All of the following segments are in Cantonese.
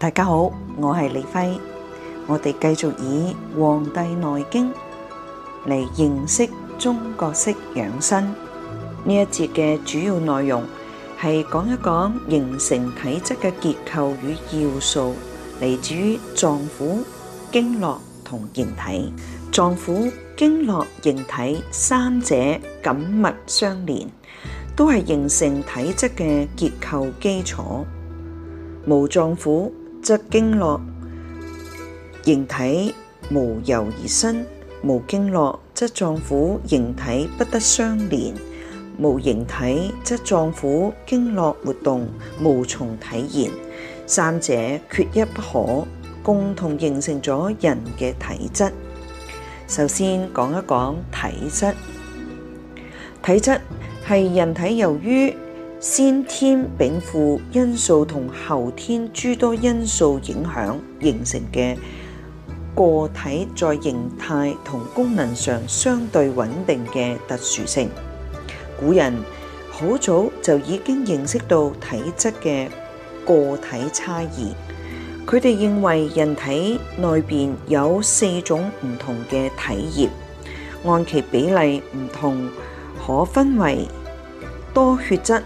大家好，我係李輝，我哋繼續以《黃帝內經》嚟認識中國式養生。呢一節嘅主要內容係講一講形成體質嘅結構與要素，嚟自於臟腑、經絡同形體。臟腑、經絡、形體三者緊密相連，都係形成體質嘅結構基礎。無臟腑。則經絡，形體無由而生；無經絡，則臟腑形體不得相連；無形體，則臟腑經絡活動無從體現。三者缺一不可，共同形成咗人嘅體質。首先講一講體質，體質係人體由於。先天稟賦因素同後天諸多因素影響形成嘅個體在形態同功能上相對穩定嘅特殊性。古人好早就已經認識到體質嘅個體差異，佢哋認為人體內邊有四種唔同嘅體液，按其比例唔同，可分為多血質。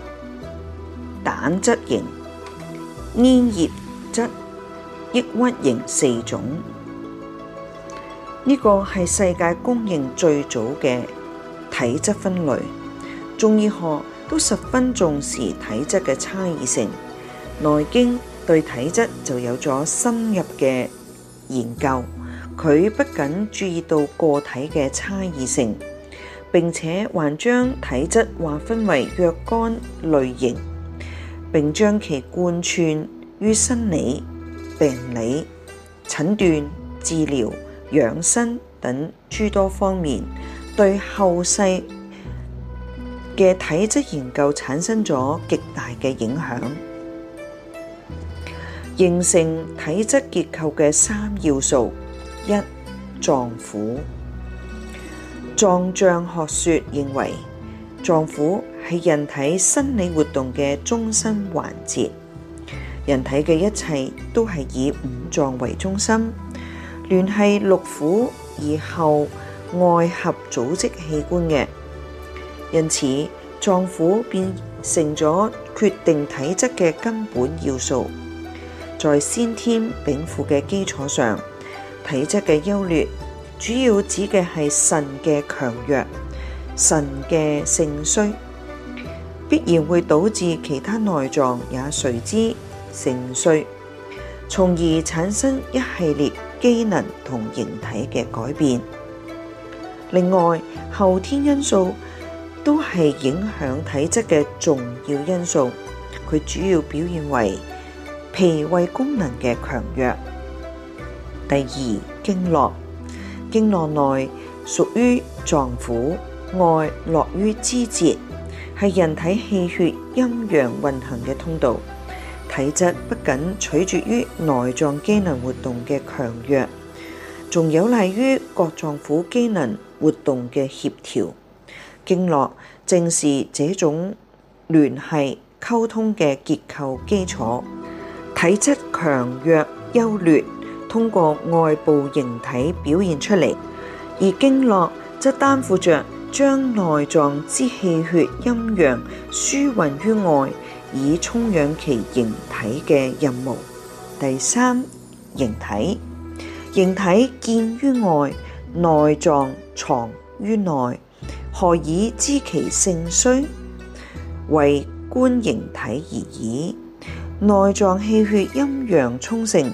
蛋質型、黏液質、抑鬱型四種。呢個係世界公認最早嘅體質分類。中醫學都十分重視體質嘅差異性，《內經》對體質就有咗深入嘅研究。佢不僅注意到個體嘅差異性，並且還將體質劃分為若干類型。並將其貫穿於生理、病理、診斷、治療、養生等諸多方面，對後世嘅體質研究產生咗極大嘅影響，形成體質結構嘅三要素：一、臟腑。臟象學說認為，臟腑係人體生理活動嘅中心環節，人體嘅一切都係以五臟為中心，聯繫六腑而後外合組織器官嘅。因此，臟腑變成咗決定體質嘅根本要素，在先天稟賦嘅基礎上，體質嘅優劣主要指嘅係神嘅強弱，神嘅盛衰。必然會導致其他內臟也隨之盛衰，從而產生一系列機能同形體嘅改變。另外，後天因素都係影響體質嘅重要因素，佢主要表現為脾胃功能嘅強弱。第二，經絡，經絡內屬於臟腑，外絡於肢節。係人體氣血陰陽運行嘅通道，體質不僅取決於內臟機能活動嘅強弱，仲有賴於各臟腑機能活動嘅協調。經絡正是這種聯繫溝通嘅結構基礎。體質強弱優劣通過外部形體表現出嚟，而經絡則擔負着。將內臟之氣血陰陽輸運於外，以充養其形體嘅任務。第三，形體，形體見於外，內臟藏於內，何以知其盛衰？為觀形體而已。內臟氣血陰陽充盛，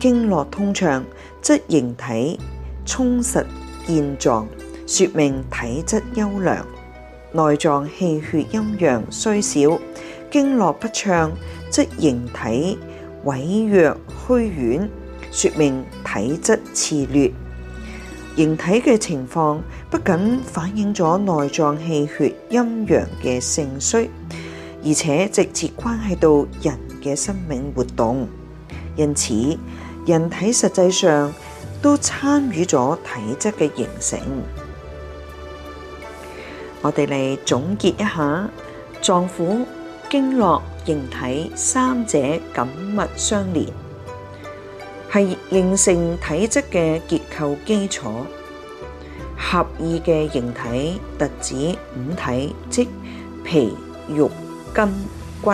經絡通暢，則形體充實健壯。說明體質優良，內臟氣血陰陽雖少，經絡不暢，則形體萎弱虛軟，說明體質次劣。形體嘅情況不僅反映咗內臟氣血陰陽嘅盛衰，而且直接關係到人嘅生命活動。因此，人體實際上都參與咗體質嘅形成。我哋嚟總結一下，臟腑、經絡、形體三者緊密相連，係形成體質嘅結構基礎。狹義嘅形體特指五體，即皮、肉、筋、骨、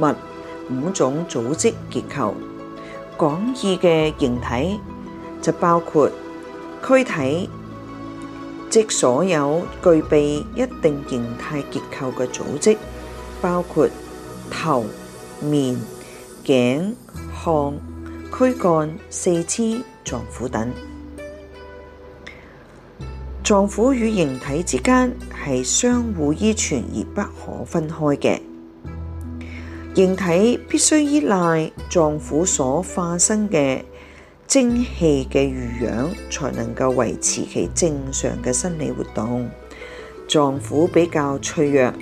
脈五種組織結構。廣義嘅形體就包括軀體。即所有具備一定形態結構嘅組織，包括頭、面、頸、項、軀幹、四肢、臟腑等。臟腑與形體之間係相互依存而不可分開嘅，形體必須依賴臟腑所化生嘅。精氣嘅濡養，才能夠維持其正常嘅生理活動。臟腑比較脆弱，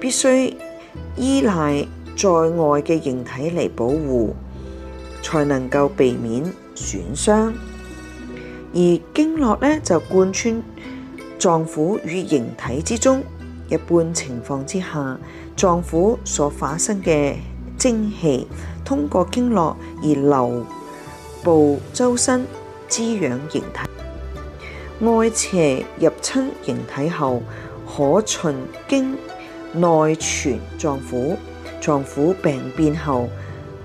必須依賴在外嘅形體嚟保護，才能夠避免損傷。而經絡咧就貫穿臟腑與形體之中，一般情況之下，臟腑所發生嘅精氣，通過經絡而流。部周身滋養形體，外邪入侵形體後，可循經內傳臟腑，臟腑病變後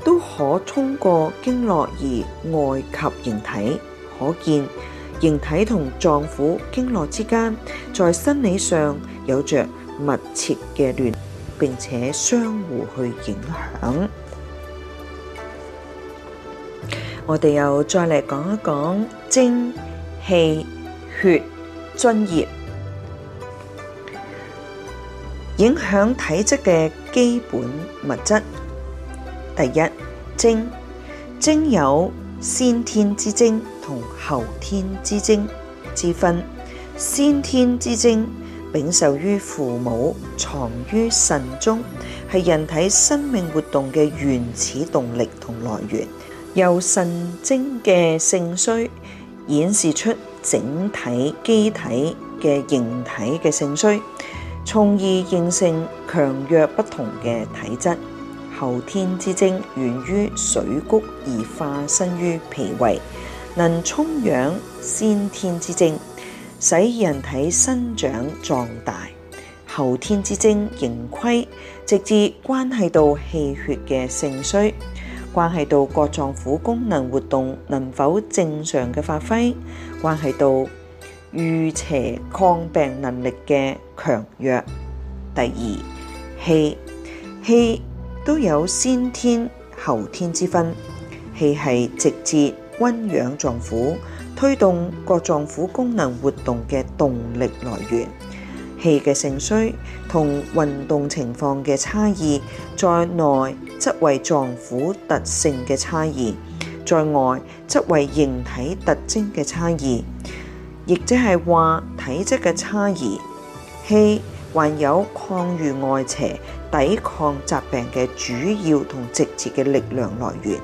都可通過經絡而外及形體。可見形體同臟腑經絡之間，在生理上有着密切嘅聯，並且相互去影響。我哋又再嚟講一講精、氣、血、津液，影響體質嘅基本物質。第一，精，精有先天之精同後天之精之分。先天之精禀受於父母，藏於腎中，係人體生命活動嘅原始動力同來源。由腎精嘅盛衰，展示出整體機體嘅形體嘅盛衰，從而形成強弱不同嘅體質。後天之精源於水谷而化生於脾胃，能充養先天之精，使人體生長壯大。後天之精盈虧，直至關係到氣血嘅盛衰。關係到各臟腑功能活動能否正常嘅發揮，關係到御邪抗病能力嘅強弱。第二，氣氣都有先天後天之分，氣係直接温養臟腑，推動各臟腑功能活動嘅動力來源。氣嘅盛衰同運動情況嘅差異，在內則為臟腑特性嘅差異，在外則為形體特徵嘅差異，亦即係話體質嘅差異。氣還有抗御外邪、抵抗疾病嘅主要同直接嘅力量來源。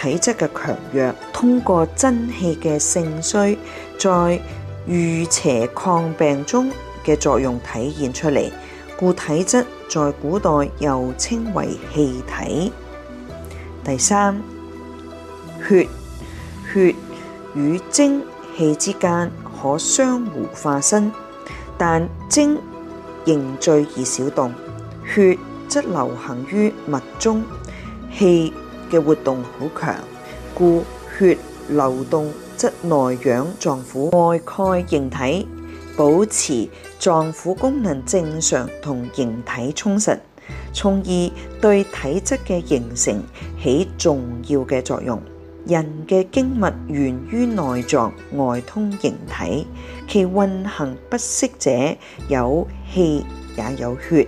體質嘅強弱，通過真氣嘅盛衰，在御邪抗病中嘅作用體現出嚟，故體質在古代又稱為氣體。第三，血血與精氣之間可相互化生，但精凝聚而少動，血則流行於物中。氣嘅活動好強，故血流動則內養臟腑，外蓋形體。保持臟腑功能正常同形體充實，從而對體質嘅形成起重要嘅作用。人嘅經脈源於內臟，外通形體，其運行不息者，有氣也有血，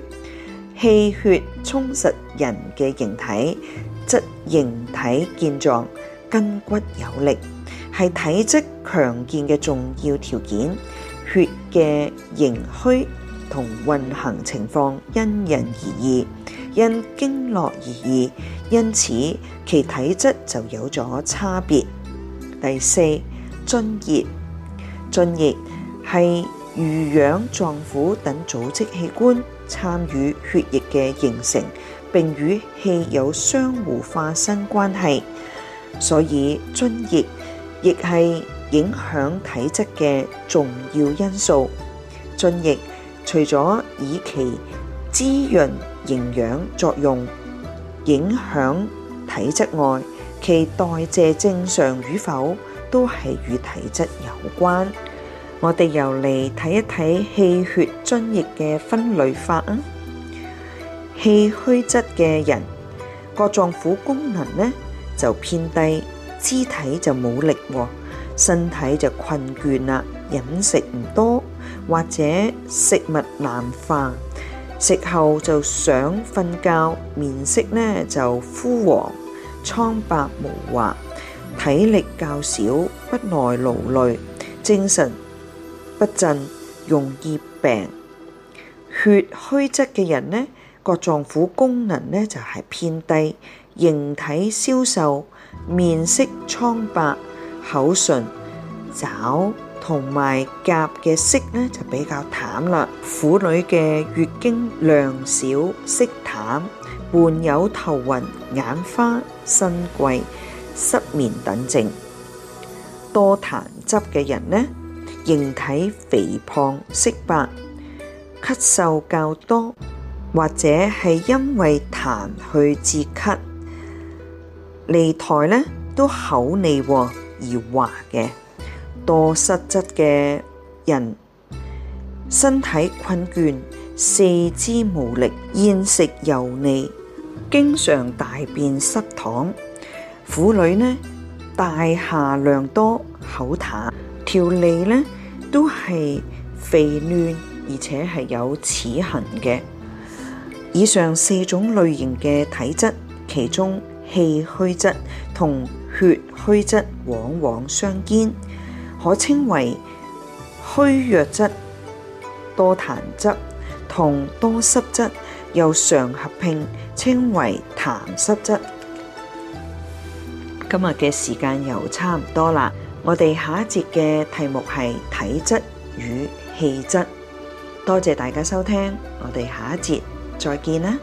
氣血充實人嘅形體，則形體健壯，筋骨有力，係體質強健嘅重要條件。血嘅盈虛同運行情況因人而異，因經絡而異，因此其體質就有咗差別。第四，津液，津液係濡養臟腑等組織器官，參與血液嘅形成，並與氣有相互化生關係，所以津液亦係。影響體質嘅重要因素，津液除咗以其滋潤、營養作用影響體質外，其代謝正常與否都係與體質有關。我哋又嚟睇一睇氣血津液嘅分類法啊！氣虛質嘅人，各臟腑功能呢就偏低，肢體就冇力。身體就困倦啦，飲食唔多，或者食物難化，食後就想瞓覺，面色呢就枯黃、蒼白無華，體力較少，不耐勞累，精神不振，容易病。血虛質嘅人呢，各臟腑功能呢就係偏低，形體消瘦，面色蒼白。口唇、爪同埋甲嘅色咧就比較淡啦。婦女嘅月經量少、色淡，伴有頭暈、眼花、身悸、失眠等症。多痰汁嘅人呢，形體肥胖、色白，咳嗽較多，或者係因為痰去致咳。脷苔呢都厚膩。而滑嘅多濕質嘅人，身體困倦、四肢無力、厭食油膩、經常大便濕溏、婦女呢大下量多、口淡、條脷呢都係肥嫩而且係有齒痕嘅。以上四種類型嘅體質，其中氣虛質同，血虛質往往相兼，可稱為虛弱質，多痰質同多濕質，又常合併稱為痰濕質。今日嘅時間又差唔多啦，我哋下一節嘅題目係體質與氣質。多謝大家收聽，我哋下一節再見啦。